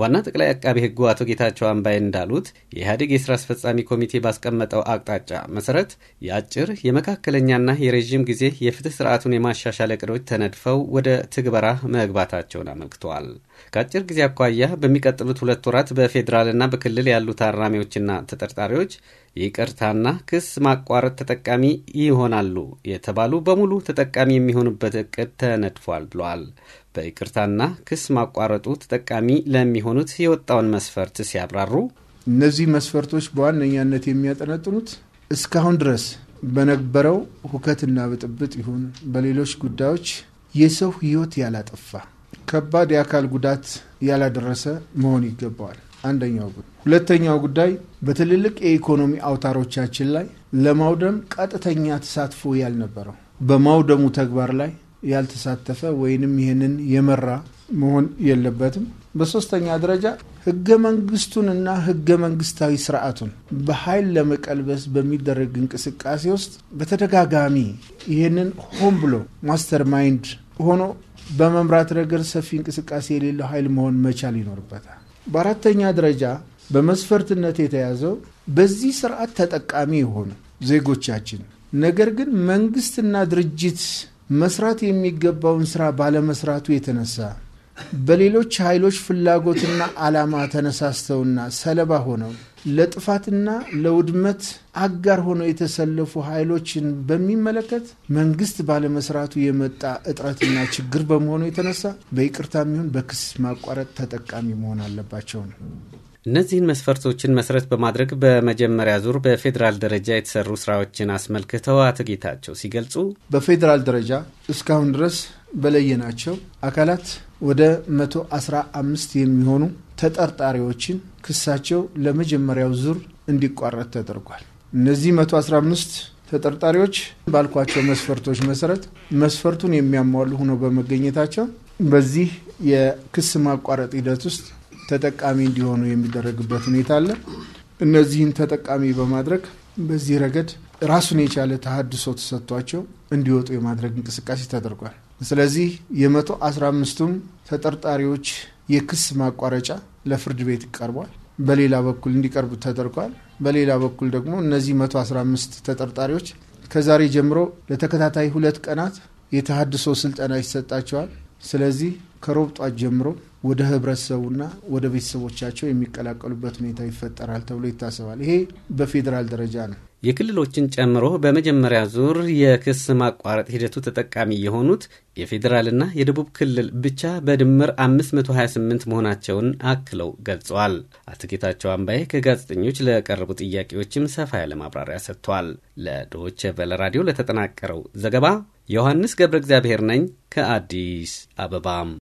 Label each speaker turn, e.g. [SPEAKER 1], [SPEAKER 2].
[SPEAKER 1] ዋና ጠቅላይ አቃቤ ህጉ አቶ ጌታቸው አምባዬ እንዳሉት የኢህአዴግ የስራ አስፈጻሚ ኮሚቴ ባስቀመጠው አቅጣጫ መሰረት የአጭር የመካከለኛና የረዥም ጊዜ የፍትህ ስርዓቱን የማሻሻል እቅዶች ተነድፈው ወደ ትግበራ መግባታቸውን አመልክተዋል። ከአጭር ጊዜ አኳያ በሚቀጥሉት ሁለት ወራት በፌዴራልና በክልል ያሉ ታራሚዎችና ተጠርጣሪዎች ይቅርታና ክስ ማቋረጥ ተጠቃሚ ይሆናሉ የተባሉ በሙሉ ተጠቃሚ የሚሆኑበት እቅድ ተነድፏል ብለዋል። በይቅርታና ክስ ማቋረጡ ተጠቃሚ ለሚሆኑት የወጣውን መስፈርት ሲያብራሩ
[SPEAKER 2] እነዚህ መስፈርቶች በዋነኛነት የሚያጠነጥኑት እስካሁን ድረስ በነበረው ሁከትና ብጥብጥ ይሁን በሌሎች ጉዳዮች የሰው ሕይወት ያላጠፋ ከባድ የአካል ጉዳት ያላደረሰ መሆን ይገባዋል። አንደኛው ጉዳይ። ሁለተኛው ጉዳይ በትልልቅ የኢኮኖሚ አውታሮቻችን ላይ ለማውደም ቀጥተኛ ተሳትፎ ያልነበረው በማውደሙ ተግባር ላይ ያልተሳተፈ ወይንም ይህንን የመራ መሆን የለበትም። በሶስተኛ ደረጃ ህገ መንግስቱንና ህገ መንግስታዊ ስርዓቱን በኃይል ለመቀልበስ በሚደረግ እንቅስቃሴ ውስጥ በተደጋጋሚ ይህንን ሆን ብሎ ማስተር ማይንድ ሆኖ በመምራት ረገድ ሰፊ እንቅስቃሴ የሌለው ኃይል መሆን መቻል ይኖርበታል። በአራተኛ ደረጃ በመስፈርትነት የተያዘው በዚህ ስርዓት ተጠቃሚ የሆኑ ዜጎቻችን ነገር ግን መንግስትና ድርጅት መስራት የሚገባውን ስራ ባለመስራቱ የተነሳ በሌሎች ኃይሎች ፍላጎትና ዓላማ ተነሳስተውና ሰለባ ሆነው ለጥፋትና ለውድመት አጋር ሆነው የተሰለፉ ኃይሎችን በሚመለከት መንግስት ባለመስራቱ የመጣ እጥረትና ችግር በመሆኑ የተነሳ በይቅርታ የሚሆን በክስ ማቋረጥ ተጠቃሚ መሆን አለባቸው ነው።
[SPEAKER 1] እነዚህን መስፈርቶችን መሰረት በማድረግ በመጀመሪያ ዙር በፌዴራል ደረጃ የተሰሩ ስራዎችን አስመልክተው አቶ ጌታቸው ሲገልጹ
[SPEAKER 2] በፌዴራል ደረጃ እስካሁን ድረስ በለየናቸው አካላት ወደ 115 የሚሆኑ ተጠርጣሪዎችን ክሳቸው ለመጀመሪያው ዙር እንዲቋረጥ ተደርጓል። እነዚህ 115 ተጠርጣሪዎች ባልኳቸው መስፈርቶች መሰረት መስፈርቱን የሚያሟሉ ሆነው በመገኘታቸው በዚህ የክስ ማቋረጥ ሂደት ውስጥ ተጠቃሚ እንዲሆኑ የሚደረግበት ሁኔታ አለ። እነዚህን ተጠቃሚ በማድረግ በዚህ ረገድ ራሱን የቻለ ተሀድሶ ተሰጥቷቸው እንዲወጡ የማድረግ እንቅስቃሴ ተደርጓል። ስለዚህ የመቶ አስራ አምስቱም ተጠርጣሪዎች የክስ ማቋረጫ ለፍርድ ቤት ቀርቧል። በሌላ በኩል እንዲቀርቡ ተደርጓል። በሌላ በኩል ደግሞ እነዚህ መቶ አምስት ተጠርጣሪዎች ከዛሬ ጀምሮ ለተከታታይ ሁለት ቀናት የተሀድሶ ስልጠና ይሰጣቸዋል። ስለዚህ ከሮብጧት ጀምሮ ወደ ህብረተሰቡና ወደ ቤተሰቦቻቸው የሚቀላቀሉበት ሁኔታ ይፈጠራል ተብሎ ይታሰባል። ይሄ በፌዴራል ደረጃ ነው።
[SPEAKER 1] የክልሎችን ጨምሮ በመጀመሪያ ዙር የክስ ማቋረጥ ሂደቱ ተጠቃሚ የሆኑት የፌዴራልና የደቡብ ክልል ብቻ በድምር 528 መሆናቸውን አክለው ገልጸዋል። አቶ ጌታቸው አምባዬ ከጋዜጠኞች ለቀረቡ ጥያቄዎችም ሰፋ ያለ ማብራሪያ ሰጥቷል። ለዶች ቬለ ራዲዮ ለተጠናቀረው ዘገባ ዮሐንስ ገብረ እግዚአብሔር ነኝ ከአዲስ አበባም